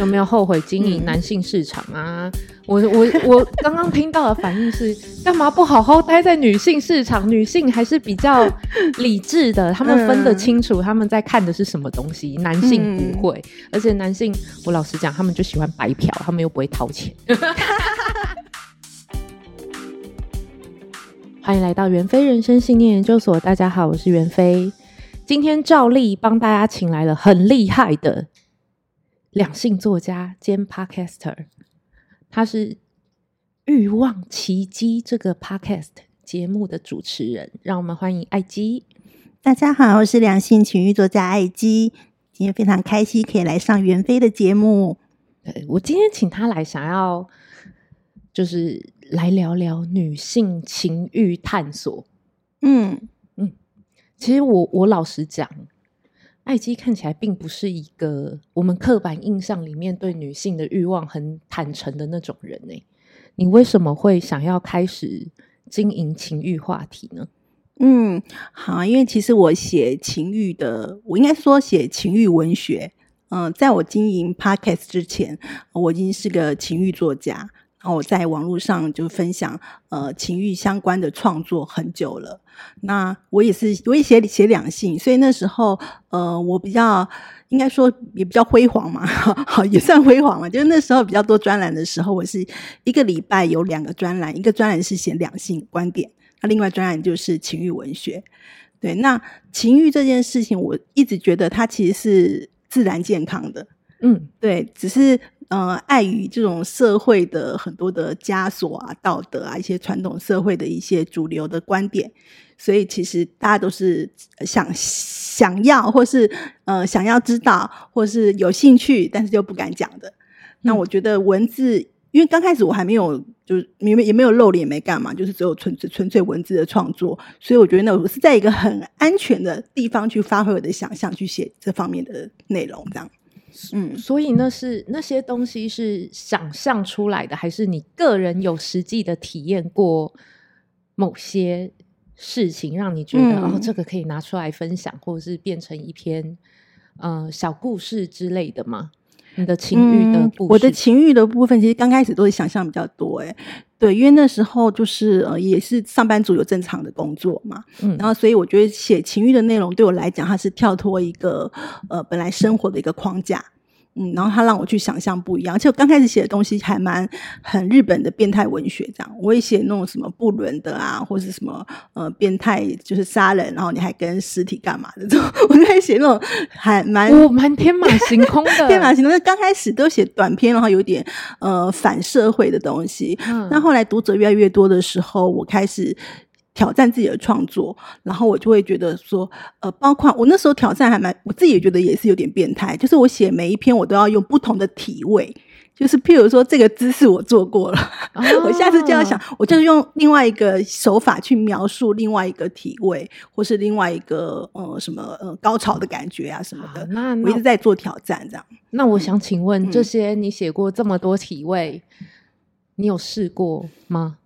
有沒有後悔經營男性市場啊？嗯、我我我剛剛聽到的反應是，幹 嘛不好好待在女性市場？女性還是比較理智的，他們分得清楚他們在看的是什麼東西。嗯、男性不會、嗯，而且男性，我老實講，他們就喜歡白嫖，他們又不會掏錢。 歡迎來到袁非人生信念研究所，大家好，我是袁非。今天照例幫大家請來了很厲害的。兩性作家兼 Podcaster，她是《慾望奇蹟》這個 Podcast 節目的主持人。讓我們歡迎艾姬。大家好，我是兩性情慾作家艾姬，今天非常開心可以來上袁非的節目。我今天請她來，想要就是來聊聊女性情慾探索。嗯嗯，其實我我老實講。艾姬看起來並不是一個我們刻板印象裡面對女性的慾望很坦誠的那種人呢、欸。你為什麼會想要開始經營情慾話題呢？嗯，好、啊，因為其實我寫情慾的，我應該說寫情慾文學。嗯、呃，在我經營 Podcast 之前，我已經是個情慾作家。然後我在網絡上就分享呃情慾相關的創作很久了，那我也是我也是寫寫兩性，所以那時候呃我比較應該說也比較輝煌嘛， 好也算輝煌了，就是那時候比較多專欄的時候，我是一個禮拜有兩個專欄，一個專欄是寫兩性觀點，那另外專欄就是情慾文學。對，那情慾這件事情，我一直覺得它其實是自然健康的，嗯，對，只是。嗯、呃，礙於這種社會的很多的枷鎖啊、道德啊，一些傳統社會的一些主流的觀點，所以其實大家都是想想要，或是呃想要知道，或是有興趣，但是就不敢講的。那我覺得文字，因為剛開始我還沒有，就是也沒也沒有露臉，沒幹嘛，就是只有純純粹文字的創作，所以我覺得那我是在一個很安全的地方去發揮我的想象，去寫這方面的內容，這樣。嗯，所以呢，是那些東西是想象出來的，還是你個人有實際的體驗過某些事情，讓你覺得、嗯、哦，這個可以拿出來分享，或者是變成一篇呃小故事之類的嗎？你的情欲的、嗯，我的情欲的部分，其實剛開始都是想象比較多、欸，對，因為那時候就是呃，也是上班族有正常的工作嘛，嗯，然後所以我覺得寫情欲的內容對我來講，它是跳脫一個呃本來生活的一個框架。嗯，然後他讓我去想象不一樣，而且我剛開始寫的東西還蠻很日本的變態文學這樣，我也寫那種什麼不倫的啊，或是什麼呃變態就是殺人，然後你還跟屍體幹嘛的那種，我就開始寫那種還蠻我蠻、哦、天馬行空的。 天馬行空的。那剛開始都寫短篇，然後有點呃反社會的東西，嗯，那後來讀者越來越多的時候，我開始，挑戰自己的創作，然後我就會覺得說，呃，包括我那時候挑戰還蠻，我自己也覺得也是有點變態，就是我寫每一篇我都要用不同的體位，就是譬如說這個姿勢我做過了，啊、 我下次就要想，我就是用另外一個手法去描述另外一個體位，或是另外一個呃什麼呃高潮的感覺啊什麼的，那我一直在做挑戰這樣。那，那我想請問，嗯、這些你寫過這麼多體位、嗯，你有試過嗎？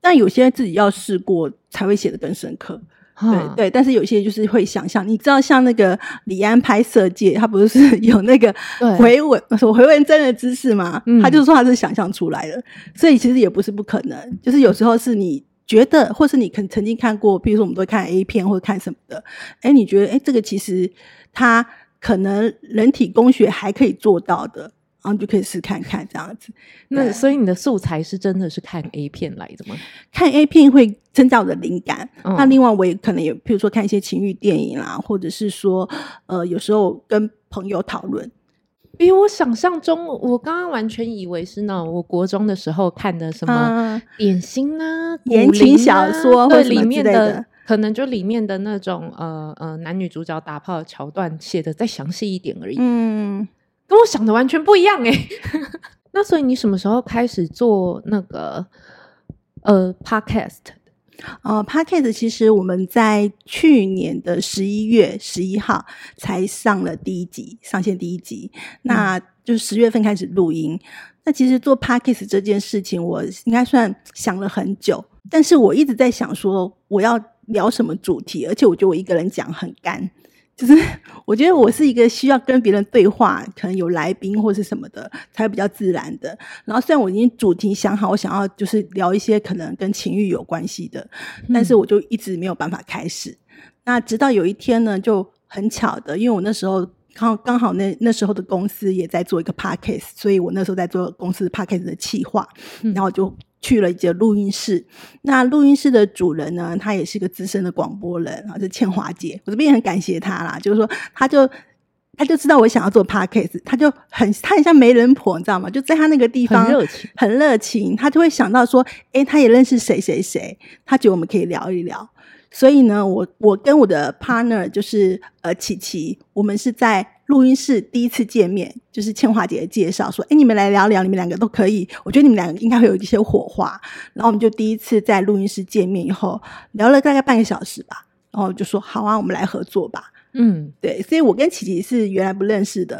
但有些人自己要試過才會寫得更深刻，對對。但是有些人就是會想象，你知道像那個李安拍色戒，他不是有那個迴紋針，說迴紋針真的知識嗎？嗯、他就是說他是想象出來的，所以其實也不是不可能。就是有時候是你覺得，或是你可能曾經看過，比如說我們都看 A 片或看什麼的，哎、欸，你覺得哎、欸、這個其實他可能人體工學還可以做到的。然、啊、後就可以試看看這樣子。那所以你的素材是真的是看 A 片來的嗎？看 A 片會增加我的靈感、嗯。那另外我也可能也，譬如說看一些情欲電影啦，或者是說，呃，有時候跟朋友討論。比我想象中，我剛剛完全以為是那。我國中的時候看的什麼點心啊、啊啊言情小說或，或者裡面的可能就裡面的那種呃呃男女主角打炮的橋段寫的再詳細一點而已。嗯。跟我想的完全不一樣哎、欸， 那所以你什麼時候開始做那個呃，podcast 呃、uh, podcast 其實我們在去年的十一月十一號才上了第一集，上線第一集，mm -hmm. 那就十月份開始錄音。那其實做 podcast 這件事情，我應該算想了很久，但是我一直在想說我要聊什麼主題，而且我覺得我一個人講很乾。就是我覺得我是一個需要跟別人對話，可能有來賓或是什麼的才會比較自然的。然後雖然我已經主題想好，我想要就是聊一些可能跟情欲有關係的，但是我就一直沒有辦法開始。嗯、那直到有一天呢，就很巧的，因為我那時候剛好那，那時候的公司也在做一個 podcast，所以我那時候在做公司 podcast 的企劃，然後就，嗯去了一個錄音室，那錄音室的主人呢，他也是一個資深的廣播人啊，是倩華姐。我這邊也很感謝她啦，就是說，他就他就知道我想要做 podcast，他就很他很像媒人婆，你知道嗎？就在他那個地方很熱情，很熱情，他就會想到說，誒，他也認識誰誰誰，他覺得我們可以聊一聊。所以呢，我我跟我的 partner 就是呃，琪琪，我們是在。錄音室第一次見面，就是千華姐介紹說、欸：“你們來聊聊，你們兩個都可以。我覺得你們兩個應該會有一些火花。”然後我們就第一次在錄音室見面以後，聊了大概半個小時吧。然後就說：“好啊，我們來合作吧。”嗯，對。所以我跟琪琪是原來不認識的，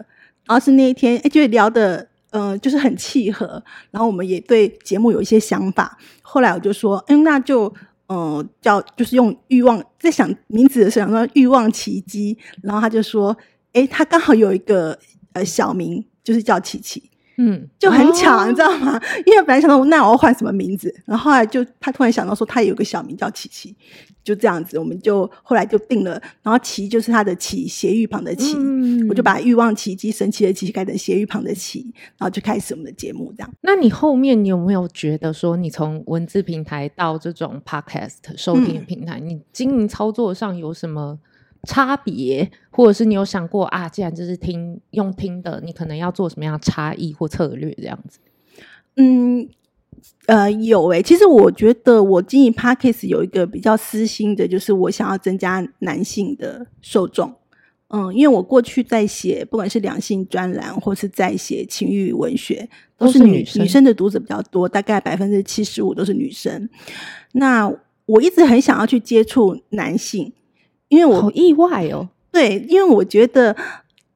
然後是那一天，哎、欸，就聊得，嗯、呃，就是很契合。然後我們也對節目有一些想法。後來我就說：“哎、欸，那就，嗯、呃，叫就是用慾望，在想名字的時候想慾望奇蹟。”然後他就說。哎、欸，他剛好有一個呃小名，就是叫琪琪，嗯，就很巧，哦，你知道嗎？因為本來想到，那我要換什麼名字？然後後來就他突然想到說，他也有個小名叫琪琪，就這樣子，我們就後來就定了。然後“琪”就是他的琪，斜玉旁的琪。嗯，我就把欲望奇蹟、神奇的奇蹟改成斜玉旁的“琪”，然後就開始我們的節目這樣。那你後面你有沒有覺得說，你從文字平台到這種 podcast 收聽平台，嗯、你經營操作上有什麼？差別，或者是你有想過啊？既然就是聽用聽的，你可能要做什麼樣的差異或策略這樣子？嗯，呃，有誒、欸。其實我覺得我經營 Podcast 有一個比較私心的，就是我想要增加男性的受眾。嗯，因為我過去在寫不管是兩性專欄或是在寫情欲文學，都是女，都是女生，女生的讀者比較多，大概百分之七十五都是女生。那我一直很想要去接觸男性。因為我好意外哦，對，因為我覺得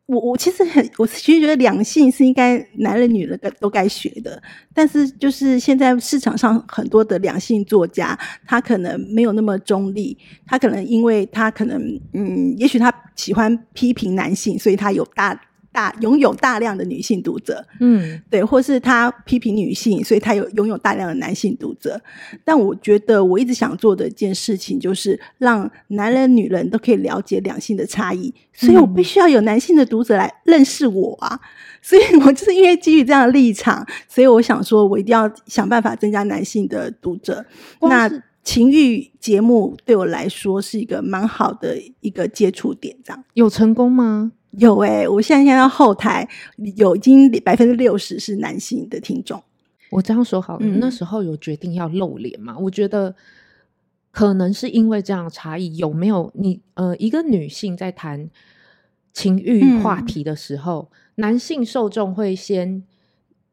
我我其實很，我其實覺得兩性是應該男人女人該都該學的，但是就是現在市場上很多的兩性作家，他可能沒有那麼中立，他可能因為他可能嗯，也許他喜歡批評男性，所以他有大，大擁有大量的女性讀者，嗯，對，或是他批評女性，所以他有擁有大量的男性讀者。但我覺得我一直想做的一件事情，就是讓男人、女人都可以了解兩性的差異。所以我必須要有男性的讀者來認識我啊！嗯，所以我就是因為基於這樣的立場，所以我想說我一定要想辦法增加男性的讀者。那情欲節目對我來說是一個蠻好的一個接觸點，這樣。有成功嗎？有哎、欸，我現在現在後台有已經百分之六十是男性的聽眾。我這樣說好、嗯嗯，那時候有決定要露臉嗎？我覺得可能是因為這樣的差異，有沒有你呃，一個女性在談情欲話題的時候，嗯、男性受眾會先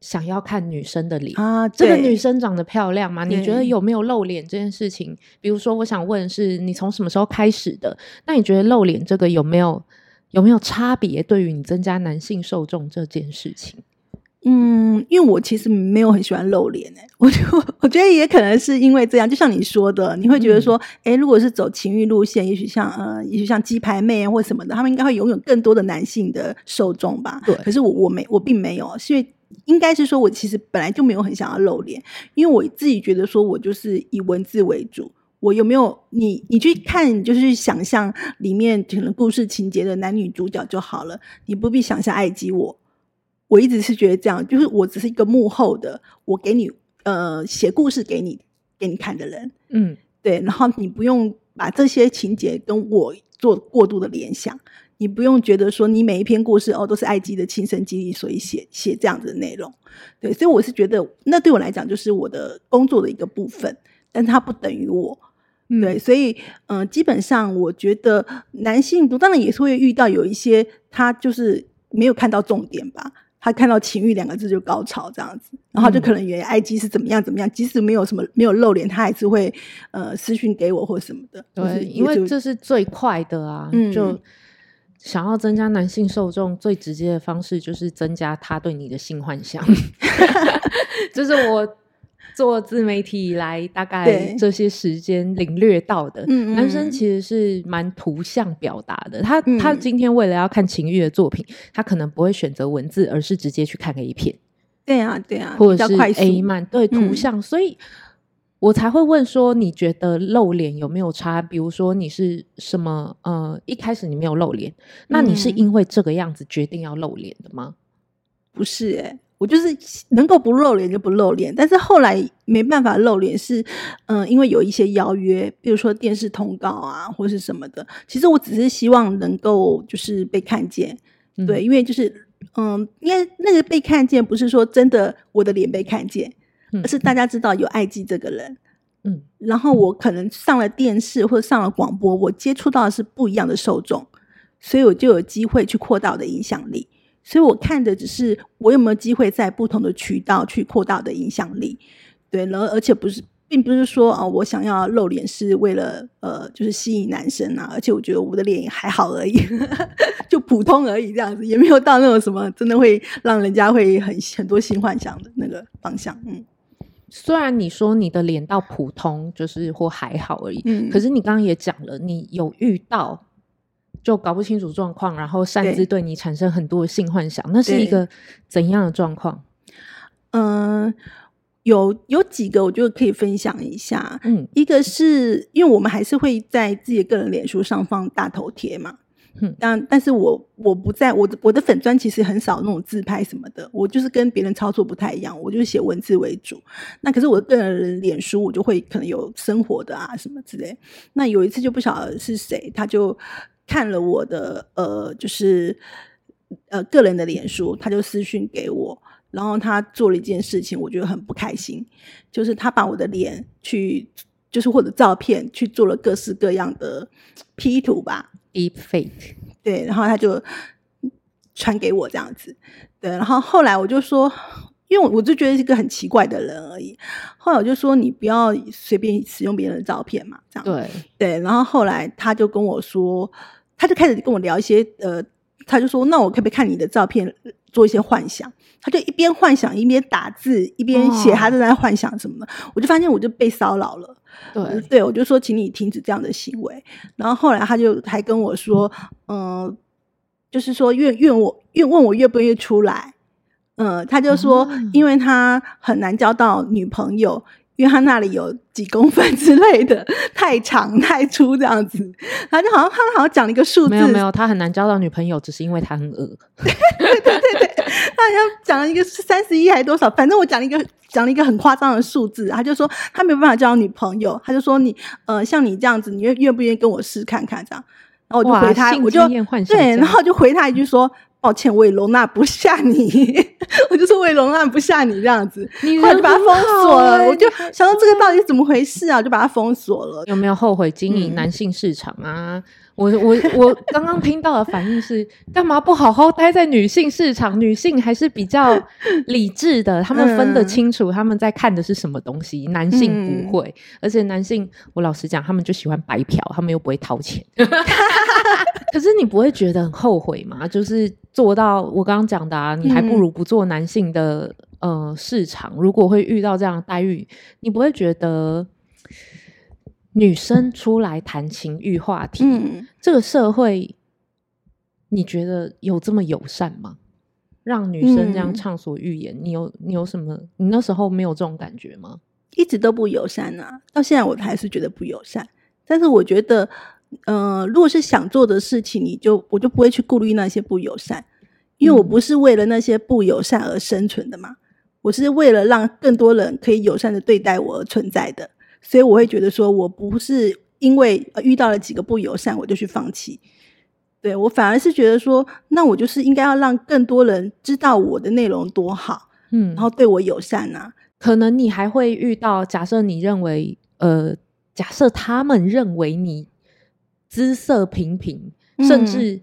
想要看女生的臉啊，這個女生長得漂亮嗎？你覺得有沒有露臉這件事情？嗯、比如說，我想問，是你從什麼時候開始的？那你覺得露臉這個有沒有？有沒有差別對於你增加男性受眾這件事情？嗯，因為我其實沒有很喜歡露臉欸，我就我覺得也可能是因為這樣，就像你說的，你會覺得說，哎、嗯欸，如果是走情欲路線，也許像呃，也許像雞排妹啊或什麼的，他們應該會擁有更多的男性的受眾吧。對，可是我我沒我並沒有，是因為應該是說我其實本來就沒有很想要露臉，因為我自己覺得說我就是以文字為主。我有沒有你？你去看，就是想象裡面可能故事情節的男女主角就好了。你不必想象艾姬我，我我一直是覺得這樣，就是我只是一個幕後的，我給你呃寫故事給你給你看的人，嗯，對。然後你不用把這些情節跟我做過度的聯想，你不用覺得說你每一篇故事哦都是艾姬的親身經歷，所以寫寫這樣子的內容。對，所以我是覺得那對我來講就是我的工作的一個部分，但它不等於我。對，所以嗯、呃，基本上我覺得男性讀當然也是會遇到有一些他就是沒有看到重點吧，他看到“情慾”兩個字就高潮這樣子，嗯、然後就可能以為艾姬是怎麼樣怎麼樣，即使沒有什麼沒有露臉，他還是會呃私訊給我或什麼的。對，就是因為就是、因為這是最快的啊、嗯，就想要增加男性受眾最直接的方式就是增加他對你的性幻想， 這 是我。做自媒體以來，大概這些時間領略到的男生其實是蠻圖像表達的。嗯嗯，他他今天為了要看情慾的作品、嗯，他可能不會選擇文字，而是直接去看 A 片。對啊，對啊，或者是 A 漫，對圖像、嗯，所以我才會問說：你覺得露臉有沒有差？嗯、比如說，你是什麼？呃，一開始你沒有露臉、嗯，那你是因為這個樣子決定要露臉的嗎？不是、欸，我就是能夠不露臉就不露臉，但是後來沒辦法露臉是，嗯、呃，因為有一些邀約，比如說電視通告啊，或是什麼的。其實我只是希望能夠就是被看見、嗯，對，因為就是嗯，因為那個被看見不是說真的我的臉被看見，而是大家知道有艾姬這個人，嗯，然後我可能上了電視或者上了廣播，我接觸到的是不一樣的受眾，所以我就有機會去擴大我的影響力。所以我看的只是我有沒有機會在不同的渠道，去擴大的影響力，對，然後而且不是，並不是說啊、哦，我想要露臉是為了呃，就是吸引男生啊，而且我覺得我的臉也還好而已， 就普通而已這樣子，也沒有到那種什麼真的會讓人家會很很多新幻想的那個方向，嗯。雖然你說你的臉到普通，就是或還好而已，嗯、可是你剛剛也講了，你有遇到。就搞不清楚狀況，然後擅自對你產生很多性幻想，那是一個怎樣的狀況？嗯、呃，有有幾個我就可以分享一下。嗯，一個是因為我們還是會在自己的個人臉書上放大頭貼嘛。嗯，但但是我我不在我我的粉專其實很少那種自拍什麼的，我就是跟別人操作不太一樣，我就是寫文字為主。那可是我的個人臉書我就會可能有生活的啊什麼之類。那有一次就不曉得是誰他就。看了我的呃，就是呃個人的臉書，他就私訊給我，然後他做了一件事情，我覺得很不開心，就是他把我的臉去，就是或者照片去做了各式各樣的 P 圖吧，Deep Fake，對，然後他就傳給我這樣子，對，然後後來我就說，因為我就覺得是一個很奇怪的人而已，後來我就說你不要隨便使用別人的照片嘛，這樣，對，對，然後後來他就跟我說。他就開始跟我聊一些呃，他就說：“那我可不可以看你的照片，做一些幻想？”他就一邊幻想一邊打字，一邊寫，他正在幻想什麼。我就發現我就被騷擾了對、呃，對，我就說請你停止這樣的行為。然後後來他就還跟我說：“嗯、呃，就是說願願我願問我願不願意出來？”嗯、呃，他就說、嗯，因為他很難交到女朋友。因為他那裡有幾公分之類的，太長太粗這樣子，他就好像他好像講了一個數字，沒有沒有，他很難交到女朋友，只是因為他很噁。 對對對對，他好像講了一個三十一還是多少，反正我講了一個講了一個很誇張的數字，他就說他沒有辦法交到女朋友，他就說，你呃像你這樣子，你願願不願意跟我試看看這樣？然後我就回他，我就對，然後就回他一句說。嗯抱歉，我也容納不下你。 我就說我也容納不下你這樣子，我就把它封鎖了，欸。我就想到這個到底是怎麼回事啊？ 我就把它封鎖了。有沒有後悔經營男性市場啊？嗯、我我我剛剛聽到的反應是，幹 嘛不好好待在女性市場？女性還是比較理智的，他們分得清楚他們在看的是什麼東西。男性不會，嗯、而且男性，我老實講，他們就喜歡白嫖，他們又不會掏錢。 可是你不會覺得很後悔嗎？就是做到我剛剛講的、啊，你還不如不做男性的、嗯、呃市場。如果會遇到這樣的待遇，你不會覺得女生出來談情慾話題、嗯，這個社會你覺得有這麼友善嗎？讓女生這樣暢所欲言，嗯、你有你有什麼？你那時候沒有這種感覺嗎？一直都不友善啊！到現在我還是覺得不友善，但是我覺得。嗯、呃，如果是想做的事情，你就我就不會去顧慮那些不友善，因為我不是為了那些不友善而生存的嘛、嗯。我是為了讓更多人可以友善的對待我而存在的，所以我會覺得說我不是因為遇到了幾個不友善我就去放棄。對，我反而是覺得說，那我就是應該要讓更多人知道我的內容多好，嗯，然後對我友善啊。可能你還會遇到，假設你認為，呃，假設他們認為你。姿色平平、嗯，甚至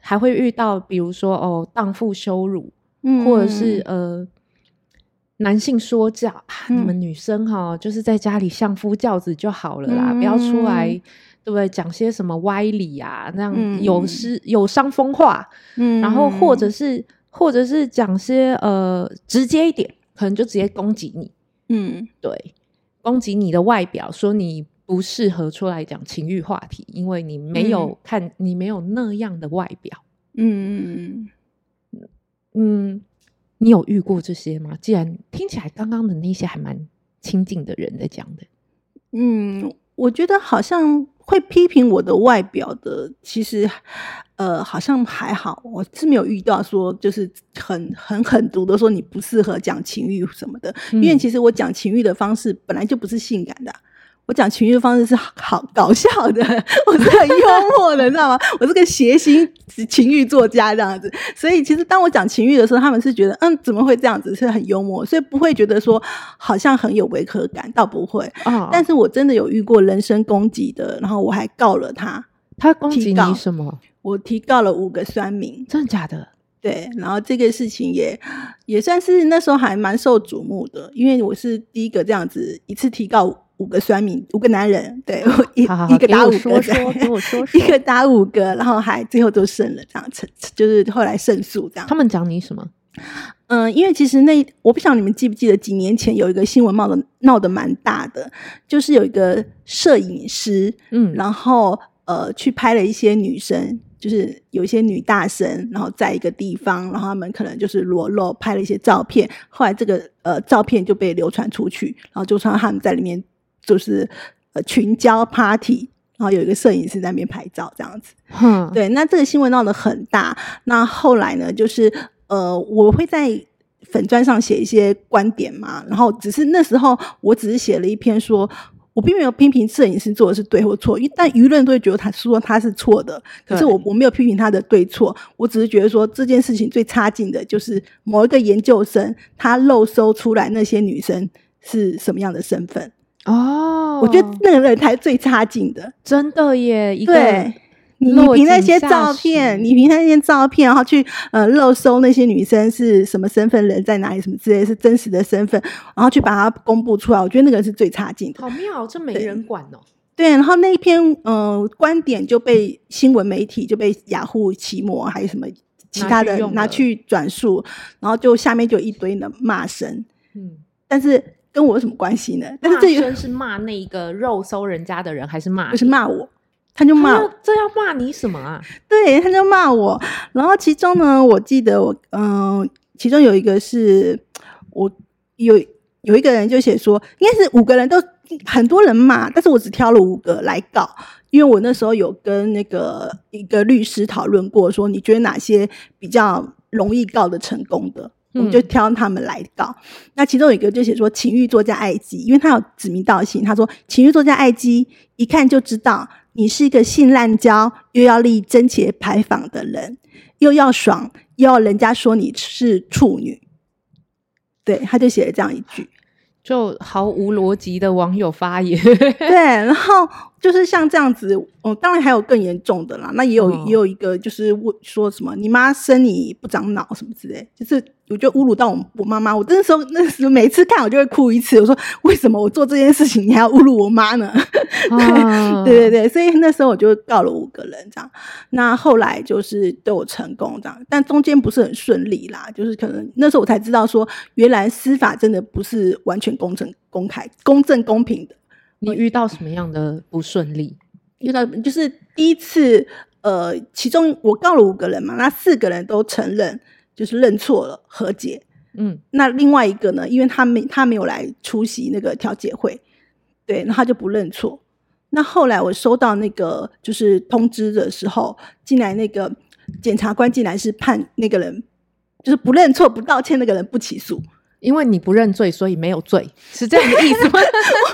還會遇到，比如說哦，蕩婦羞辱、嗯，或者是呃，男性說教啊、嗯，你們女生哈、哦，就是在家裡相夫教子就好了啦，嗯、不要出來，嗯、對不對？講些什麼歪理啊？那樣有失、嗯、有傷風化、嗯。然後或者是或者是講些呃，直接一點，可能就直接攻擊你。嗯，對，攻擊你的外表，說你。不適合出來講情慾話題，因為你沒有看、嗯，你沒有那樣的外表。嗯嗯，你有遇過這些嗎？既然聽起來剛剛的那些還蠻親近的人在講的，嗯，我覺得好像會批評我的外表的，其實呃，好像還好，我是沒有遇到說就是很很狠毒的說你不適合講情慾什麼的、嗯，因為其實我講情慾的方式本來就不是性感的、啊。我講情欲的方式是好，好搞笑的，我是很幽默的， 你知道嗎？我是個諧星，情欲作家這樣子。所以其實當我講情欲的時候，他們是覺得嗯，怎麼會這樣子？是很幽默，所以不會覺得說好像很有違和感，倒不會哦。但是我真的有遇過人身攻擊的，然後我還告了他。他攻擊你什麼？我提告了五個酸民，真的假的？對。然後這個事情也也算是那時候還蠻受矚目的，因為我是第一個這樣子一次提告。五個酸民，五個男人，對，一好好好一個打五個，說說，給我說，說一個打五個，然後還最後都勝了，這樣子就是後來勝訴這樣。他們講你什麼？嗯，因為其實那我不曉得你們記不記得，幾年前有一個新聞鬧得鬧得蠻大的，就是有一個攝影師，嗯，然後呃去拍了一些女生，就是有一些女大神，然後在一個地方，然後他們可能就是裸露拍了一些照片，後來這個呃照片就被流傳出去，然後就傳他們在裡面，就是呃群交 party，然後有一個攝影師在那邊拍照，這樣子。嗯。對，那這個新聞鬧得很大。那後來呢，就是呃，我會在粉專上寫一些觀點嘛。然後，只是那時候我只是寫了一篇說，說我並沒有批評攝影師做的是對或錯，因但輿論都會覺得他說他是錯的。可是我我沒有批評他的對錯，我只是覺得說這件事情最差勁的就是某一個研究生他漏搜出來那些女生是什麼樣的身份。哦、oh，我覺得那個人才最差勁的，真的耶！對，一個你憑那些照片，你憑那些照片，然後去呃熱搜那些女生是什麼身份，人在哪裡，什麼之類的是真實的身份，然後去把它公布出來。我覺得那個人是最差勁的，好妙，這沒人管哦、喔。對，然後那一篇呃觀點就被新聞媒體就被雅虎奇摩還是什麼其他的人拿去轉述去，然後就下面就一堆的罵聲。嗯，但是。跟我有什麼關係呢？這一圈是罵那個肉搜人家的人，還是罵？就是罵我，他就罵。這要罵你什麼啊？對，他就罵我。然後其中呢，我記得我，嗯，其中有一個是我有有一個人就寫說，應該是五個人都很多人罵，但是我只挑了五個來告，因為我那時候有跟那個一個律師討論過，說你覺得哪些比較容易告的成功的。我們就挑他們來搞、嗯。那其中有一個就寫說：“情慾作家艾姬”，因為他有指名道姓。他說：“情慾作家艾姬一看就知道，你是一個性濫交，又要立貞節牌坊的人，又要爽，又要人家說你是處女。”對，他就寫了這樣一句，就毫無邏輯的網友發言。 對，然後。就是像這樣子，哦，當然還有更嚴重的啦。那也有，嗯、也有一個，就是說什麼，你媽生你不長腦什麼之類，就是我就侮辱到我，我媽媽。我那時候，那時候每次看我就會哭一次。我說，為什麼我做這件事情，你還要侮辱我媽呢？ 對、啊、對對對，所以那時候我就告了五個人，這樣。那後來就是都有成功這樣，但中間不是很順利啦，就是可能那時候我才知道說，原來司法真的不是完全公正、公開、公正、公平的。你遇到什麼樣的不順利？遇到就是第一次，呃，其中我告了五個人嘛，那四個人都承認，就是認錯了，和解。嗯，那另外一個呢，因為他沒他沒有來出席那個調解會，對，那他就不認錯。那後來我收到那個就是通知的時候，竟然那個檢察官竟然是判那個人就是不認錯不道歉那個人不起訴，因為你不認罪，所以沒有罪，是這樣的意思嗎？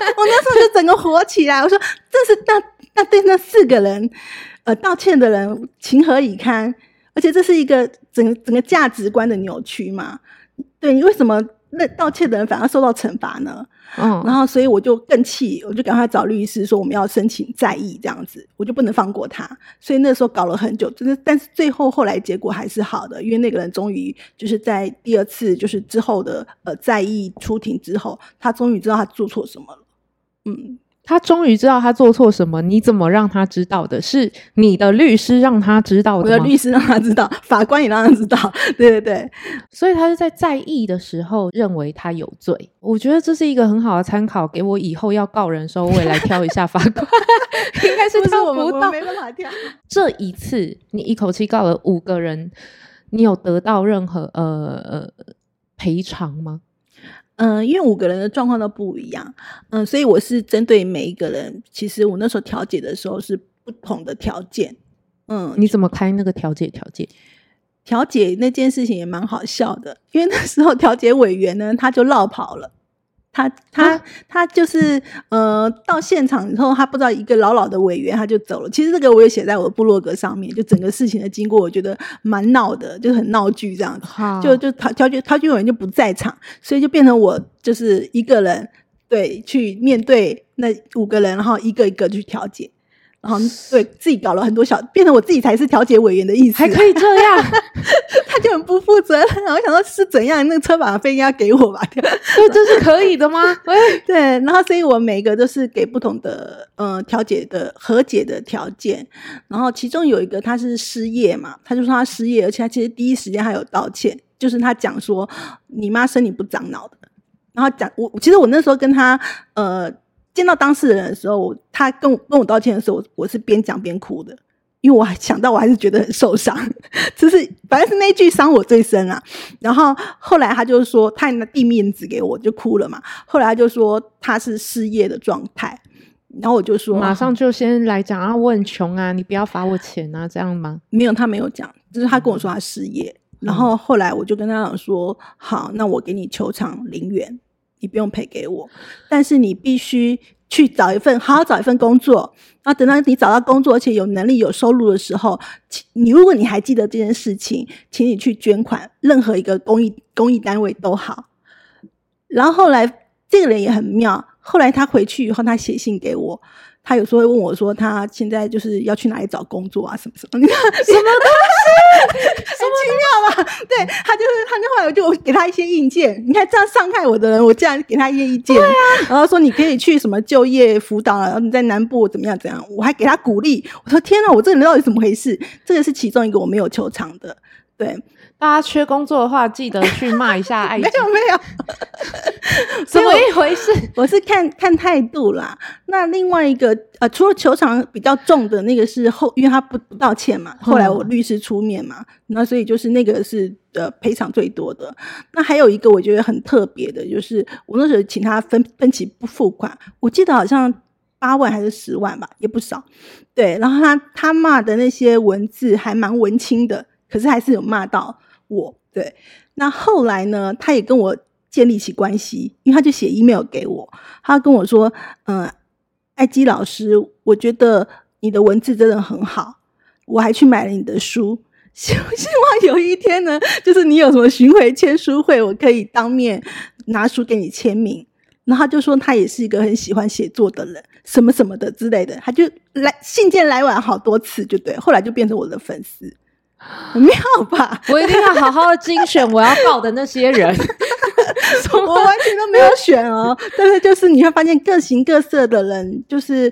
我那時候就整個火起來，我說這是那那對那四個人，呃，道歉的人情何以堪？而且這是一個整個整個價值觀的扭曲嘛？對你為什麼那道歉的人反而受到懲罰呢？嗯、oh.，然後所以我就更氣，我就趕快找律師說我們要申請再議這樣子，我就不能放過他。所以那時候搞了很久，真的，但是最後後來結果還是好的，因為那個人終於就是在第二次就是之後的呃再議出庭之後，他終於知道他做錯什麼了。嗯，他終於知道他做錯什麼。你怎麼讓他知道的？是你的律師讓他知道的。我的律師讓他知道，法官也讓他知道。對對對，所以他是在在意的時候認為他有罪。我覺得這是一個很好的參考，給我以後要告人的時候，我也來挑一下法官。 應該是挑不到。不是我們，我們沒辦法挑。這一次你一口氣告了五個人，你有得到任何呃呃賠償嗎？嗯，因為五個人的狀況都不一樣，嗯，所以我是針對每一個人。其實我那時候調解的時候是不同的條件，嗯，你怎麼開那個調解條件？調解，調解那件事情也蠻好笑的，因為那時候調解委員呢，他就落跑了。他他他就是呃，到現場之後，他不知道一個老老的委員，他就走了。其實這個我也寫在我的部落格上面，就整個事情的經過，我覺得蠻鬧的，就是很鬧劇這樣子。就就他他就他就有人就不在場，所以就變成我就是一個人，對，去面對那五個人，然後一個一個去調解。然後對自己搞了很多小，變成我自己才是調解委員的意思，還可以這樣， 他就很不負責。然後我想說，是怎樣那個車馬費應該給我吧？對，這是可以的嗎？ 對。然後所以我每個都是給不同的，呃，調解的和解的條件。然後其中有一個他是失業嘛，他就說他失業，而且他其實第一時間還有道歉，就是他講說你媽生你不長腦的。然後講我其實我那時候跟他呃。見到當事人的時候，我他跟我跟我道歉的時候我，我是邊講邊哭的，因為我還想到我還是覺得很受傷，就是反正是那一句傷我最深啊。然後後來他就說他那地面子給我就哭了嘛。後來他就說他是失業的狀態，然後我就說馬上就先來講、嗯、啊，我很窮啊，你不要罰我錢啊，這樣嗎？沒有，他沒有講，就是他跟我說他失業。嗯、然後後來我就跟他講說，嗯、好，那我給你求償零元。你不用賠給我，但是你必須去找一份好好找一份工作，然後等到你找到工作，而且有能力有收入的時候，請你如果你還記得這件事情，請你去捐款，任何一個公益公益單位都好。然後後來這個人也很妙，後來他回去以後，他寫信給我。他有時候會問我說：“他現在就是要去哪裡找工作啊，什麼什麼？”你看，什麼東西？很 奇妙吧？對他就是，他那後來我就給他一些意見。嗯、你看這樣傷害我的人，我竟然給他一些意見。對呀，啊，然後說你可以去什麼就業輔導啊？然後你在南部怎麼樣怎樣？我還給他鼓勵。我說天吶，啊，我這個人到底怎麼回事？這個是其中一個我沒有求償的。對，大家缺工作的話，記得去罵一下艾姬 沒。沒有沒有， 所以我一回事？我是看看態度啦。那另外一個呃，除了球場比較重的那個是後，因為他不道歉嘛，後來我律師出面嘛，嗯、那所以就是那個是呃賠償最多的。那還有一個我覺得很特別的，就是我那時候請他分分期不付款，我記得好像八萬還是十萬吧，也不少。對，然後他他罵的那些文字還蠻文青的。可是還是有罵到我，對。那後來呢，他也跟我建立起關係，因為他就寫 email 給我，他跟我說：“嗯，艾姬老師，我覺得你的文字真的很好，我還去買了你的書，希希望有一天呢，就是你有什麼巡迴簽書會，我可以當面拿書給你簽名。”然後他就說他也是一個很喜歡寫作的人，什麼什麼的之類的，他就來信件來往好多次，就對。後來就變成我的粉絲。妙吧！我一定要好好精選我要報的那些人 我完全都沒有選哦。但是就是你會發現各行各色的人，就是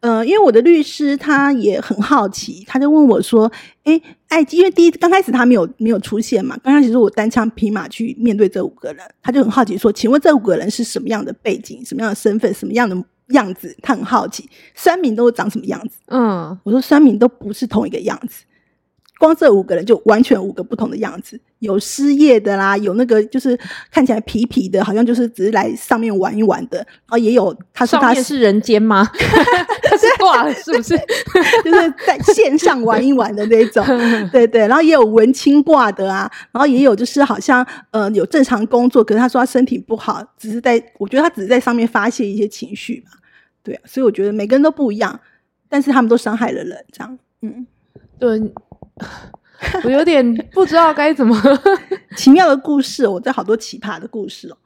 呃，因為我的律師他也很好奇，他就問我說：“哎哎，因為第一剛開始他沒有沒有出現嘛，剛開始是我單槍匹馬去面對這五個人，他就很好奇說，請問這五個人是什麼樣的背景、什麼樣的身份、什麼樣的樣子？他很好奇，酸民都長什麼樣子？嗯，我說酸民都不是同一個樣子。”光這五個人就完全五個不同的樣子，有失業的啦，有那個就是看起來皮皮的，好像就是只是來上面玩一玩的。然後也有他說他是，是人間嗎？掛 了是不是？就是在線上玩一玩的那種。對 對，對，對，然後也有文青掛的啊，然後也有就是好像呃有正常工作，可是他說他身體不好，只是在我覺得他只是在上面發洩一些情緒嘛。對啊，所以我覺得每個人都不一樣，但是他們都傷害了人，這樣，嗯，對。 我有點不知道該怎麼。 奇妙的故事，哦，我這好多奇葩的故事哦。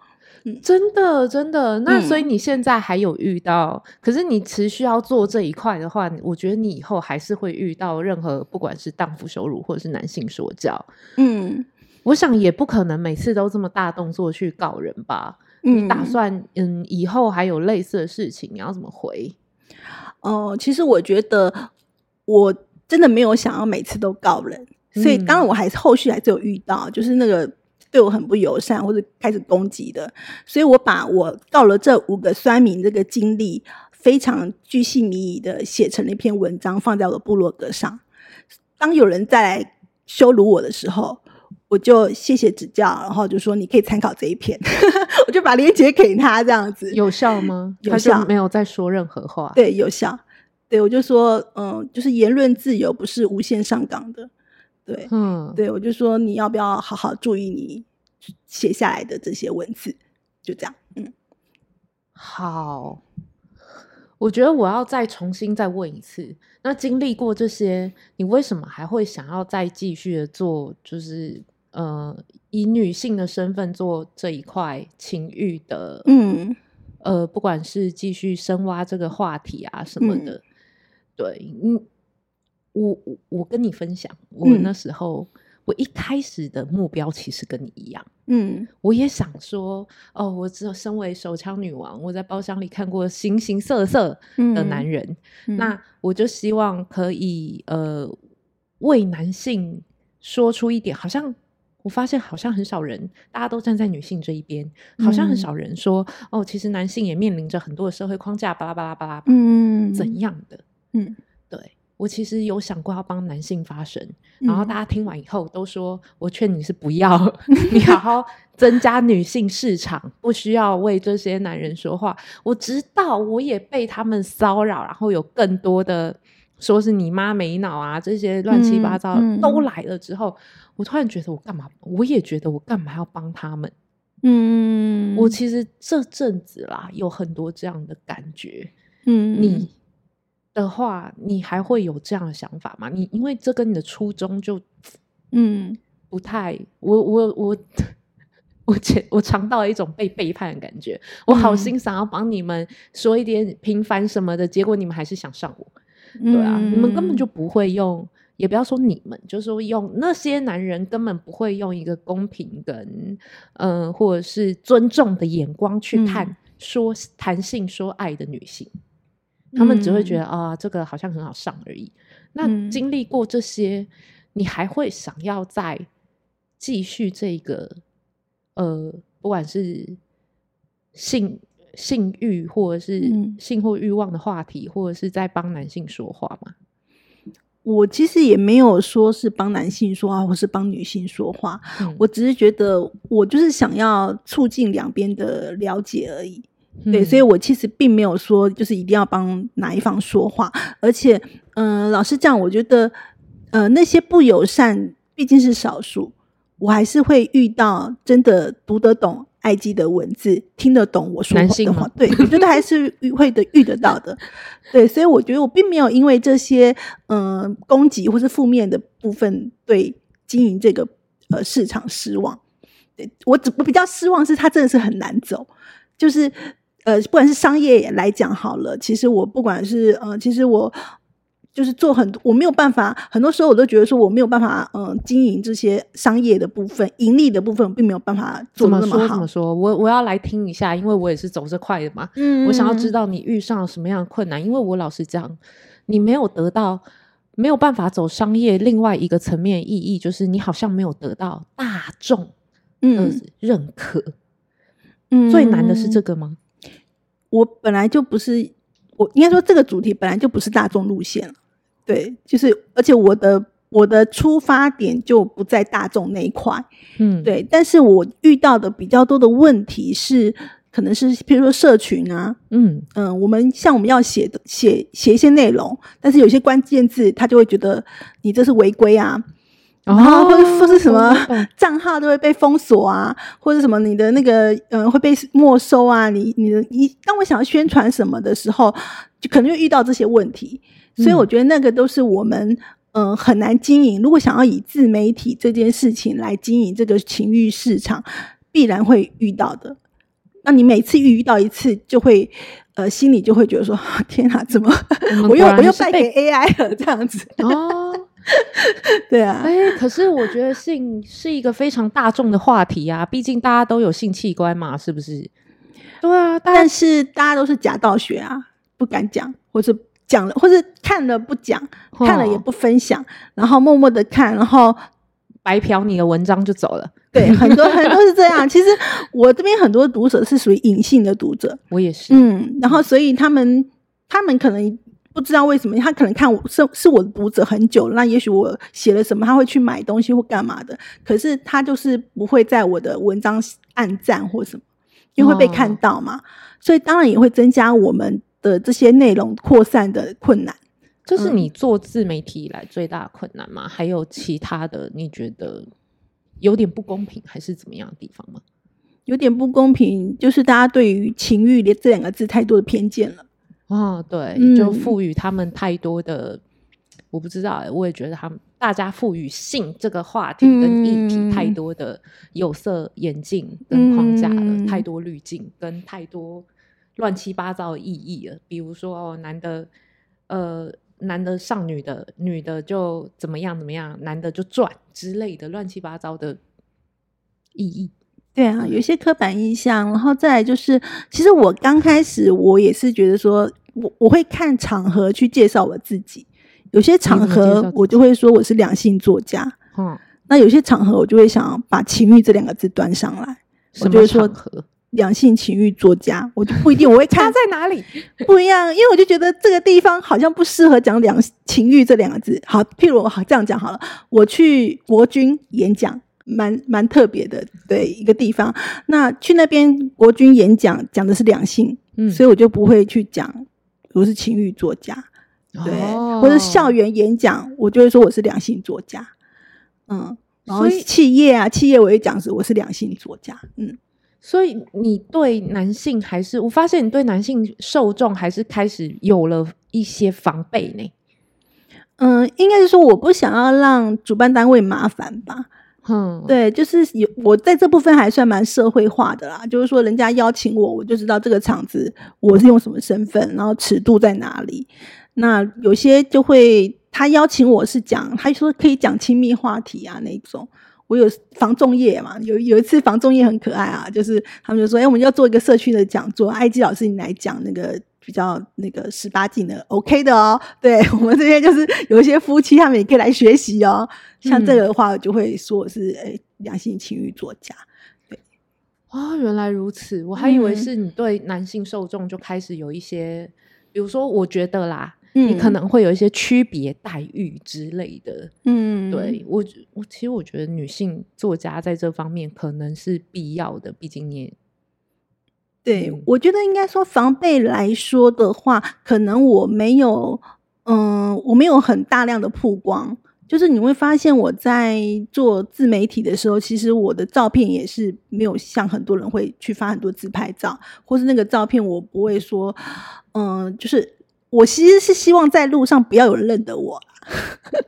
真的，真的。那所以你現在還有遇到，嗯、可是你持續要做這一塊的話，我覺得你以後還是會遇到任何不管是蕩婦羞辱或者是男性說教。嗯，我想也不可能每次都這麼大動作去告人吧。嗯、你打算嗯以後還有類似的事情，你要怎麼回？哦、呃，其實我覺得我。真的沒有想要每次都告人，所以當然我還是後續還是有遇到，嗯、就是那個對我很不友善或者開始攻擊的，所以我把我告了這五個酸民這個經歷非常鉅細靡遺的寫成了一篇文章，放在我的部落格上。當有人再來羞辱我的時候，我就謝謝指教，然後就說你可以參考這一篇， 我就把鏈接給他，這樣子有效嗎？有效，沒有再說任何話。對，有效。對，我就說，嗯，就是言論自由不是無限上綱的對，嗯，對，我就說，你要不要好好注意你寫下來的這些文字，就這樣，嗯，好，我覺得我要再重新再問一次，那經歷過這些，你為什麼還會想要再繼續的做，就是呃，以女性的身份做這一塊情欲的，嗯，呃，不管是繼續深挖這個話題啊什麼的。嗯對，嗯，我我跟你分享，我那時候、嗯、我一開始的目標其實跟你一樣，嗯，我也想說，哦，我只有身為手槍女王，我在包廂裡看過形形色色的男人，嗯、那我就希望可以呃為男性說出一點，好像我發現好像很少人，大家都站在女性這一邊，好像很少人說、嗯，哦，其實男性也面臨着很多的社會框架，巴拉巴拉巴拉，嗯，怎樣的？嗯，對我其實有想過要幫男性發聲、嗯，然後大家聽完以後都說：“我勸你是不要， 你好好增加女性市場，不需要為這些男人說話。”我知道，我也被他們騷擾，然後有更多的說是“你媽沒腦啊”這些亂七八糟、嗯嗯、都來了之後，我突然覺得我幹嘛？我也覺得我幹嘛要幫他們？嗯，我其實這陣子啦有很多這樣的感覺。嗯，你。的話，你還會有這樣的想法嗎？你因為這跟你的初衷就，嗯，不太，我我我，我我嘗到了一種被背叛的感覺。我好心想要幫你們說一點平凡什麼的、嗯，結果你們還是想上我，對啊、嗯，你們根本就不會用，也不要說你們，就是用那些男人根本不會用一個公平跟嗯、呃，或者是尊重的眼光去看、嗯、說談性說愛的女性。他們只會覺得啊、嗯哦，這個好像很好上而已。那經歷過這些、嗯，你還會想要再繼續這個呃，不管是性性欲，或者是性或欲望的話題，嗯、或者是在幫男性說話嗎？我其實也沒有說是幫男性說話，我是幫女性說話、嗯。我只是覺得，我就是想要促進兩邊的了解而已。對，所以我其實並沒有說就是一定要幫哪一方說話，嗯、而且，嗯、呃，老實講，我覺得，呃，那些不友善畢竟是少數，我還是會遇到真的讀得懂 IG 的文字，聽得懂我說的話，啊、對，我覺得還是會的 遇得到的，對，所以我覺得我並沒有因為這些嗯、呃、攻擊或是負面的部分對經營這個呃市場失望，對，我只我比較失望是他真的是很難走，就是。呃，不管是商業來講好了，其實我不管是呃，其實我就是做很多，我沒有辦法，很多時候我都覺得說我沒有辦法，呃經營這些商業的部分、盈利的部分，並沒有辦法做那麼好。怎麼說，怎麼說？我我要來聽一下，因為我也是走這塊的嘛。嗯，我想要知道你遇上了什麼樣的困難，因為我老實講，你沒有得到，沒有辦法走商業另外一個層面意義，就是你好像沒有得到大眾嗯認可。嗯，最難的是這個嗎？嗯我本來就不是，我應該說這個主題本來就不是大眾路線，對，就是而且我的我的出發點就不在大眾那一塊，嗯，對，但是我遇到的比較多的問題是，可能是譬如說社群啊，嗯嗯、呃，我們像我們要寫的寫寫一些內容，但是有些關鍵字他就會覺得你這是違規啊。然、oh, 或者是什麼賬號都會被封鎖啊，或者什麼你的那個嗯會被沒收啊，你你的你當我想要宣傳什麼的時候，就可能就遇到這些問題，嗯。所以我覺得那個都是我們嗯、呃、很難經營。如果想要以自媒體這件事情來經營這個情慾市場，必然會遇到的。那你每次遇遇到一次，就會呃心裡就會覺得說天哪，啊，怎麼、嗯、 我又我又敗給 AI 了這樣子、oh.。 對啊、欸，可是我覺得性是一個非常大眾的話題啊，畢竟大家都有性器官嘛，是不是？對啊，但，但是大家都是假道學啊，不敢講，或者講了，或者看了不講、哦，看了也不分享，然後默默的看，然後白嫖你的文章就走了。對， 很多很多是這樣。其實我這邊很多讀者是屬於隱性的讀者，我也是。嗯，然後所以他們他們可能。不知道為什麼他可能看我是，是我的讀者很久，那也許我寫了什麼，他會去買東西或幹嘛的，可是他就是不會在我的文章按讚或什麼，因為會被看到嘛、哦，所以當然也會增加我們的這些內容擴散的困難。嗯，就是你做自媒體以來最大的困難嘛？還有其他的你覺得有點不公平還是怎麼樣的地方嗎？有點不公平，就是大家對於情欲連這兩個字太多的偏見了。啊、哦，對，就賦予他們太多的，嗯、我不知道、欸，我也覺得他們大家賦予性這個話題跟議題太多的有色眼鏡跟框架了，嗯、太多濾鏡跟太多亂七八糟的意義了，比如說哦，男的呃，男的上女的，女的就怎麼樣怎麼樣，男的就賺之類的亂七八糟的意義。對啊，有些刻板印象，然後再來就是，其實我剛開始我也是覺得說。我我會看場合去介紹我自己，有些場合我就會說我是兩性作家，嗯，那有些場合我就會想要把情欲這兩個字端上來，什麼場合？我就會說兩性情欲作家，我就不一定我會看他在哪裡不一樣，因為我就覺得這個地方好像不適合講兩情欲這兩個字。好，譬如我好這樣講好了，我去國軍演講，蠻蠻特別的對，一個地方，那去那邊國軍演講講的是兩性，嗯，所以我就不會去講。我是情慾作家，對，或、oh. 者校園演講，我就會說我是兩性作家，嗯、oh. 所，所以企業啊，企業我也講是我是兩性作家，嗯，所以你對男性還是，我發現你對男性受眾還是開始有了一些防備呢？嗯，應該是說我不想要讓主辦單位麻煩吧。嗯，對，就是有我在這部分還算蠻社會化的啦，就是說人家邀請我，我就知道這個場子我是用什麼身份，然後尺度在哪裡。那有些就會他邀請我是講，他說可以講親密話題啊那種。我有房仲業嘛，有有一次房仲業很可愛啊，就是他們就說，哎、欸，我們要做一個社區的講座，艾姬老師你來講那個。比較那個十八禁的 OK 的哦、喔，對，我們這邊就是有一些夫妻他們也可以來學習哦、喔嗯。像這個的話，就會說我是誒，兩性情慾作家。對哦，原來如此，我還以為是你對男性受眾就開始有一些、嗯，比如說我覺得啦，嗯、你可能會有一些區別待遇之類的。嗯，對，我我其實我覺得女性作家在這方面可能是必要的，畢竟你。對、嗯，我覺得應該說防備來說的話，可能我沒有，嗯、呃，我沒有很大量的曝光，就是你會發現我在做自媒體的時候，其實我的照片也是沒有像很多人會去發很多自拍照，或是那個照片，我不會說，嗯、呃，就是我其實是希望在路上不要有人認得我，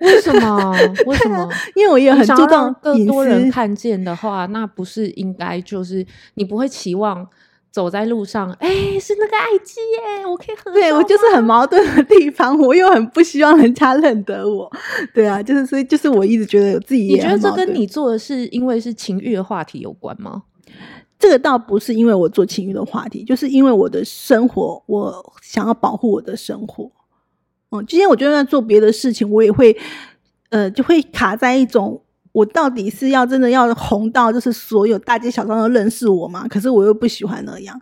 為什麼？為什麼？ 因為我也很注重隱私，你想讓更多人看見的話，那不是應該就是你不會期望，走在路上，哎、欸，是那個艾姬耶，我可以和。對，我就是很矛盾的地方，我又很不希望人家認得我。對啊，就是所以，就是我一直覺得有自己。你覺得這跟你做的是因為是情慾的話題有關嗎？這個倒不是因為我做情慾的話題，就是因為我的生活，我想要保護我的生活。嗯，之前我就算做別的事情，我也會，呃，就會卡在一種。我到底是要真的要紅到，就是所有大街小巷都認識我嗎？可是我又不喜歡那樣。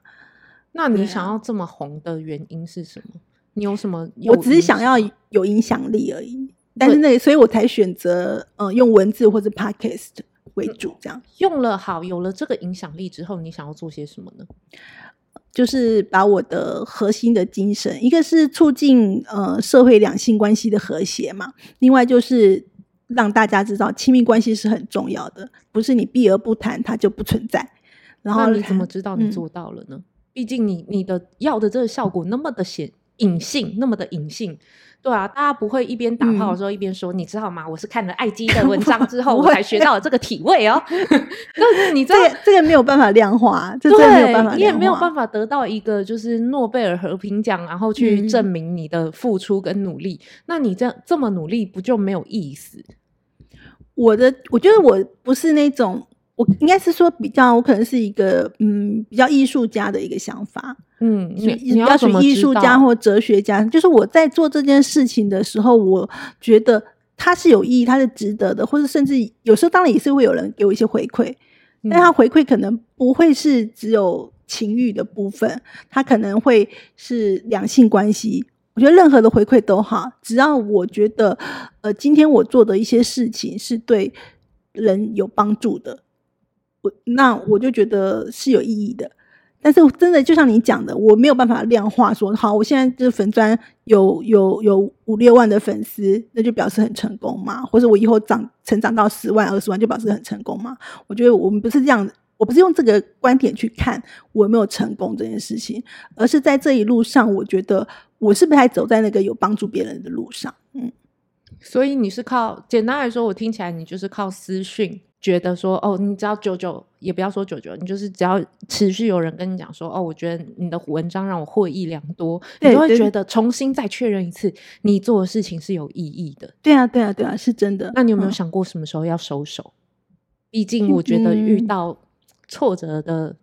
那你想要這麼紅的原因是什麼？你有什麼有？我只是想要有影響力而已。但是那，所以我才選擇呃用文字或者 podcast 為主，這樣、嗯、用了好，有了這個影響力之後，你想要做些什麼呢？就是把我的核心的精神，一個是促進呃社會兩性關係的和諧嘛，另外就是。讓大家知道親密關係是很重要的，不是你避而不談它，就不存在。然後你怎麼知道你做到了呢？嗯、畢竟你你的要的這個效果那麼的顯隱性，那麼的隱性。對啊，大家不會一邊打炮的時候一邊說，嗯，你知道嗎？我是看了艾姬的文章之後我我才學到了這個體位哦、喔。 但是你這這個沒有辦法量化，這真的沒有辦法量化對，你也沒有辦法得到一個就是諾貝爾和平獎，然後去證明你的付出跟努力。嗯、那你這樣這麼努力不就沒有意思？我的我覺得我不是那種，我應該是說比較，我可能是一個嗯比較藝術家的一個想法，嗯，比較屬於藝術家或哲學家，就是我在做這件事情的時候，我覺得它是有意義，它是值得的，或者甚至有時候當然也是會有人給我一些回饋，嗯、但他回饋可能不會是只有情欲的部分，他可能會是兩性關係。我覺得任何的回饋都好，只要我覺得，呃，今天我做的一些事情是對人有幫助的，我那我就覺得是有意義的。但是真的就像你講的，我沒有辦法量化說，好，我現在這粉專有有有五六萬的粉絲，那就表示很成功嘛？或者我以後長成長到十萬二十萬就表示很成功嘛？我覺得我們不是這樣。我不是用這個觀點去看我有沒有成功這件事情，而是在這一路上，我覺得我是不是還走在那個有幫助別人的路上？嗯，所以你是靠簡單來說，我聽起來你就是靠私訊，覺得說哦，你只要久久，也不要說久久，你就是只要持續有人跟你講說哦，我覺得你的文章讓我獲益良多，對對對，你就會覺得重新再確認一次你做的事情是有意義的。對啊，對啊，對啊，是真的。那你有沒有想過什麼時候要收手？畢、嗯、竟，我覺得遇到。挫折的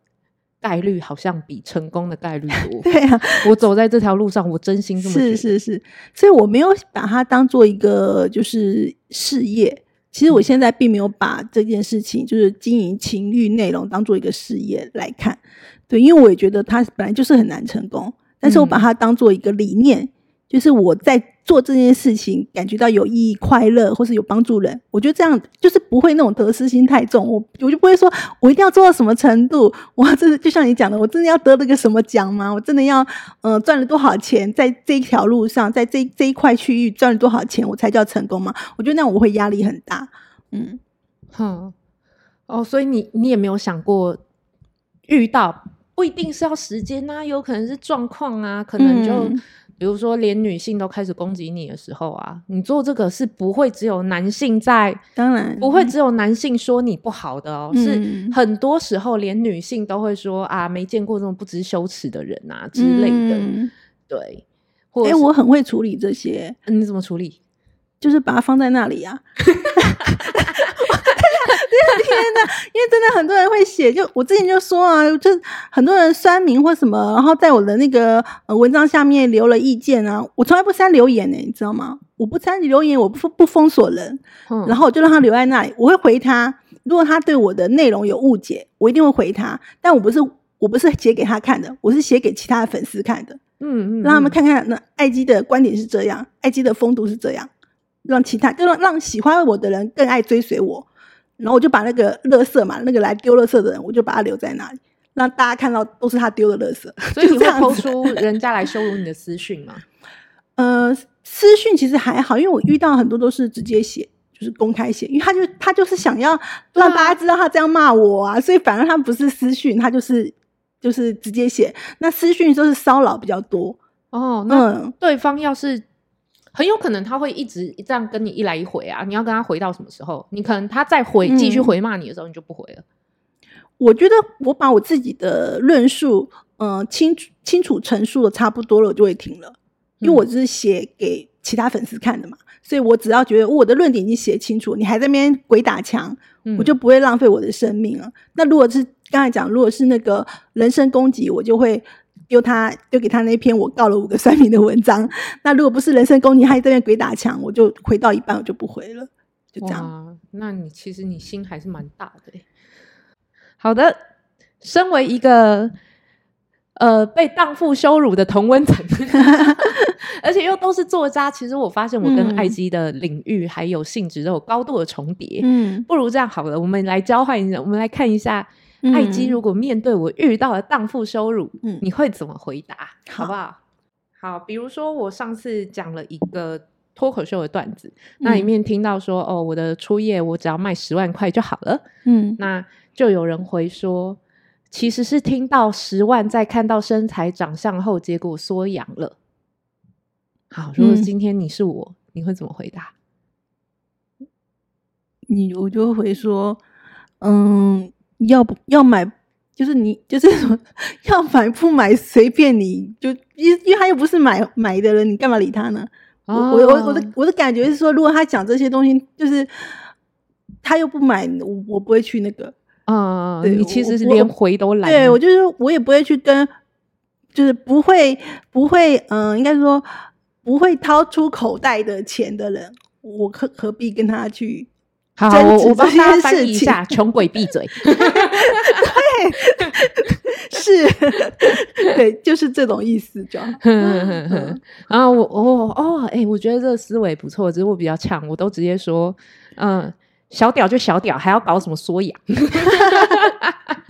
概率好像比成功的概率多。 對啊，我走在這條路上，我真心這麼想。是是是，所以我沒有把它當做一個就是事業。其實我現在並沒有把這件事情就是經營情欲內容當做一個事業來看，對，因為我也覺得它本來就是很難成功。但是我把它當做一個理念。嗯就是我在做這件事情，感覺到有意義、快樂，或是有幫助人，我覺得這樣就是不會那種得失心太重。我我就不會說，我一定要做到什麼程度。我真的就像你講的，我真的要得了個什麼獎嗎？我真的要嗯賺、呃、了多少錢，在這一條路上，在這一這一塊區域賺了多少錢，我才叫成功嗎？我覺得那樣我會壓力很大。嗯，哼、嗯，哦，所以你你也沒有想過遇到不一定是要時間啊，有可能是狀況啊，可能就、嗯。比如說，連女性都開始攻擊你的時候啊，你做這個是不會只有男性在，當然不會只有男性說你不好的哦、喔嗯，是很多時候連女性都會說啊，沒見過這麼不知羞恥的人啊之類的，嗯、對、欸。我很會處理這些，你怎麼處理？就是把它放在那裡啊。 天 哪！因為真的很多人會寫，就我之前就說啊，就很多人酸民或什麼，然後在我的那個文章下面留了意見啊。我從來不刪留言誒、欸、你知道嗎？我不刪留言，我不不封鎖人、嗯，然後我就讓他留在那裡。我會回他，如果他對我的內容有誤解，我一定會回他。但我不是我不是寫給他看的，我是寫給其他的粉絲看的，嗯,嗯,嗯，讓他們看看那艾姬的觀點是這樣，艾姬的風度是這樣，讓其他更讓,讓喜歡我的人更愛追隨我。然後我就把那個垃圾嘛，那個來丟垃圾的人，我就把他留在那裡，讓大家看到都是他丟的垃圾。所以你會偷出人家來羞辱你的私訊嗎？ 呃，私訊其實還好，因為我遇到很多都是直接寫，就是公開寫，因為他就他就是想要讓大家知道他這樣罵我啊，啊，所以反而他不是私訊，他就是就是直接寫。那私訊就是騷擾比較多。哦，那對方要是、嗯。很有可能他會一直這樣跟你一來一回啊！你要跟他回到什麼時候？你可能他再回繼續回罵你的時候、嗯，你就不回了。我覺得我把我自己的論述，嗯、呃，清清楚陳述的差不多了，我就會停了。因為我是寫給其他粉絲看的嘛、嗯，所以我只要覺得我的論點已經寫清楚，你還在那邊鬼打牆，我就不會浪費我的生命了。嗯、那如果是剛才講，如果是那個人身攻擊，我就會。又他又給他那篇我告了五個酸民的文章，那如果不是人身攻擊，你還有這鬼打牆，我就回到一半，我就不回了，就這樣。那你其實你心還是蠻大的、欸。好的，身為一個呃被蕩婦羞辱的同溫層， 而且又都是作家，其實我發現我跟艾姬的領域還有性質都有高度的重疊。嗯，不如這樣好了，我們來交換一下，我們來看一下。艾姬，如果面對我遇到了蕩婦羞辱、嗯，你會怎麼回答、嗯？好不好？好，比如說我上次講了一個脫口秀的段子，嗯、那裡面聽到說哦，我的初夜我只要賣十萬塊就好了，嗯，那就有人回說，其實是聽到十萬，在看到身材長相後，結果縮陽了。好，如果今天你是我，嗯、你會怎麼回答？你我就會說，嗯。要不要買？就是你，就是什麼要買不買隨便你就，就因因為他又不是買買的人，你幹嘛理他呢？哦、我我我的我的感覺是說，如果他講這些東西，就是他又不買，我我不會去那個啊、哦。你其實是連回都懶。對，我就是我也不會去跟，就是不會不會嗯、呃，應該說不會掏出口袋的錢的人，我可何必跟他去？好，我我幫大家翻譯一下。窮鬼閉嘴。 對，是，對，就是這種意思就。 嗯、 然後我我哦，誒、哦欸，我覺得這個思維不錯，只是我比較嗆，我都直接說，嗯，小屌就小屌，還要搞什麼縮陽哈哈哈，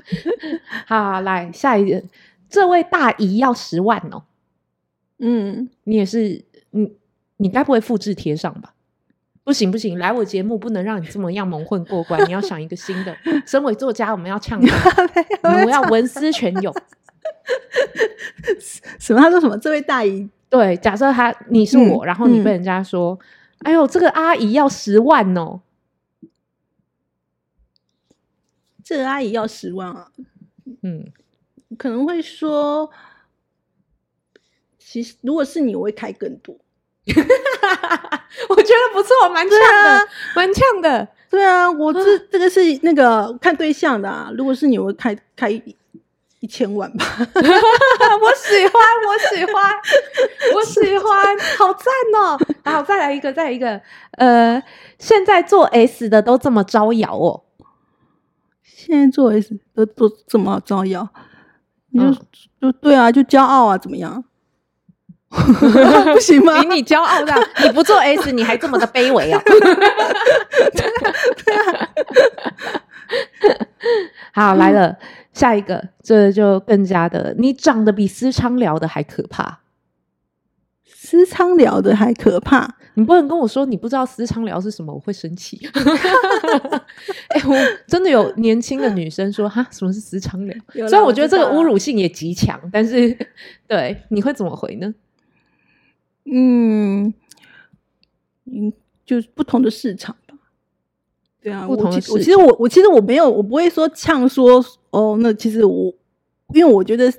好，來下一點。這位大姨要十萬哦。嗯，你也是，你你該不會複製貼上吧？不行不行，來我節目不能讓你這麼樣蒙混過關。 你要想一個新的，身為作家我， 我們要嗆，我們要文思泉湧。 什麼？他說什麼？這位大姨對，假設他你是我，嗯，然後你被人家說，嗯，哎呦，這個阿姨要十萬哦，喔，這個阿姨要十萬啊，喔，嗯，可能會說，其實如果是你，我會開更多。哈哈哈哈哈！我覺得不錯，蠻嗆的，蠻嗆、啊、的。對啊，我這 這個是那個看對象的啊。如果是你，我開開一,一千萬吧。 我喜歡，我喜歡， 我喜歡， 喜歡 好讚哦、喔！然後再來一個，再來一個。呃，現在做 S 的都這麼招搖哦、喔。現在做 S 都都這麼招搖，你就、嗯、就對啊，就驕傲啊，怎麼樣？ 不行嗎？比你驕傲大，你不做 S， 你還這麼的卑微啊、喔！ 好、嗯、來了，下一個，這個、就更加的，你長得比私娼寮的還可怕，私娼寮的還可怕，你不能跟我說你不知道私娼寮是什麼，我會生氣、 欸。我真的有年輕的女生說哈，什麼是私娼寮？雖然我覺得這個侮辱性也極強、啊，但是對，你會怎麼回呢？嗯，嗯，就是不同的市場吧，對啊我，我其實我，我其實我沒有，我不會說嗆說哦，那其實我，因為我覺得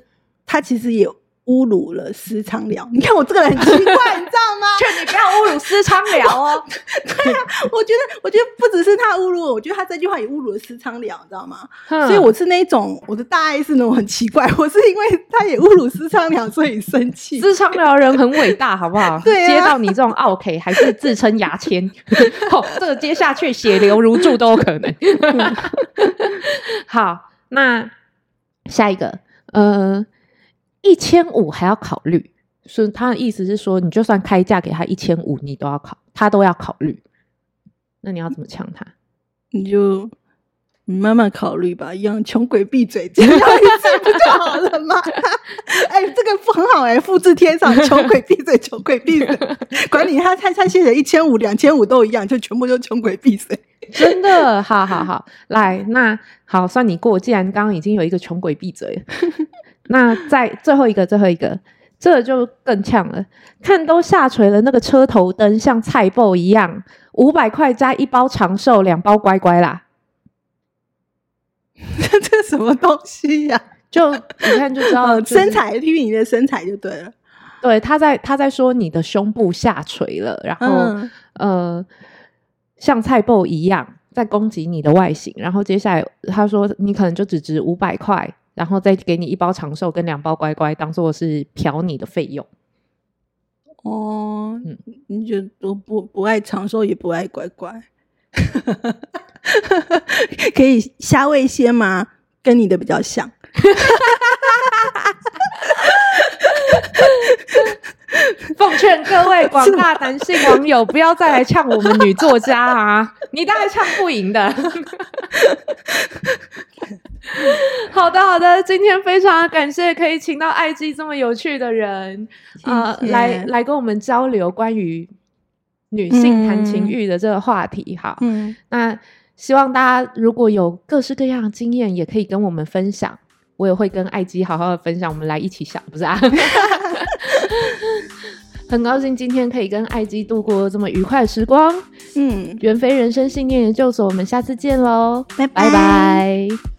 他其實也侮辱了私長聊，你看我這個人很奇怪， 你知道。勸你不要侮辱私娼寮哦！ 對啊，我覺得，我覺得不只是他侮辱我，我覺得他這句話也侮辱了私娼寮，你知道嗎？所以我是那種，我的大愛是那種很奇怪，我是因為他也侮辱私娼寮，所以生氣。私娼寮人很偉大，好不好？ 對、啊，接到你這種奧客，還是自稱牙籤、 哦？這個接下去血流如注都有可能。 好，那下一個，呃，一千五還要考慮。所以他的意思是說，你就算開價給他一千五，你都要考，他都要考慮。那你要怎麼搶他？你就你慢慢考慮吧，一樣窮鬼閉嘴，這樣一次不就好了嗎？哎、 欸，這個不很好哎、欸，複制天上窮鬼閉嘴，窮鬼閉嘴，管你他他他現在一千五、兩千五都一樣，就全部都窮鬼閉嘴。真的，好好好，來，那好，算你過。既然剛剛已經有一個窮鬼閉嘴， 那再最後一個，最後一個。這就更嗆了，看都下垂了，那個車頭燈像菜脯一樣，五百塊加一包長壽，兩包乖乖啦，這這什麼東西呀？就你看就知道了、就是、身材批評你的身材就對了。對，他在他在說你的胸部下垂了，然後、嗯、呃，像菜脯一樣在攻擊你的外形，然後接下來他說你可能就只值五百塊，然後再給你一包長壽跟兩包乖乖，當做是嫖你的費用。哦，嗯，你就我不我不愛長壽，也不愛乖乖， 可以瞎餵些嗎？跟你的比較像。 奉勸各位廣大男性網友，不要再來嗆我們女作家啊！你大概嗆不贏的。好的，好的，今天非常感謝可以請到艾姬這麼有趣的人啊、呃，來來跟我們交流關於女性談情慾的這個話題。哈，嗯，那希望大家如果有各式各樣的經驗，也可以跟我們分享，我也會跟艾姬好好的分享。我們來一起想，不是啊。 很高興今天可以跟艾姬度過這麼愉快的時光。嗯，袁非人生信念研究所，我們下次見嘍，拜拜。Bye bye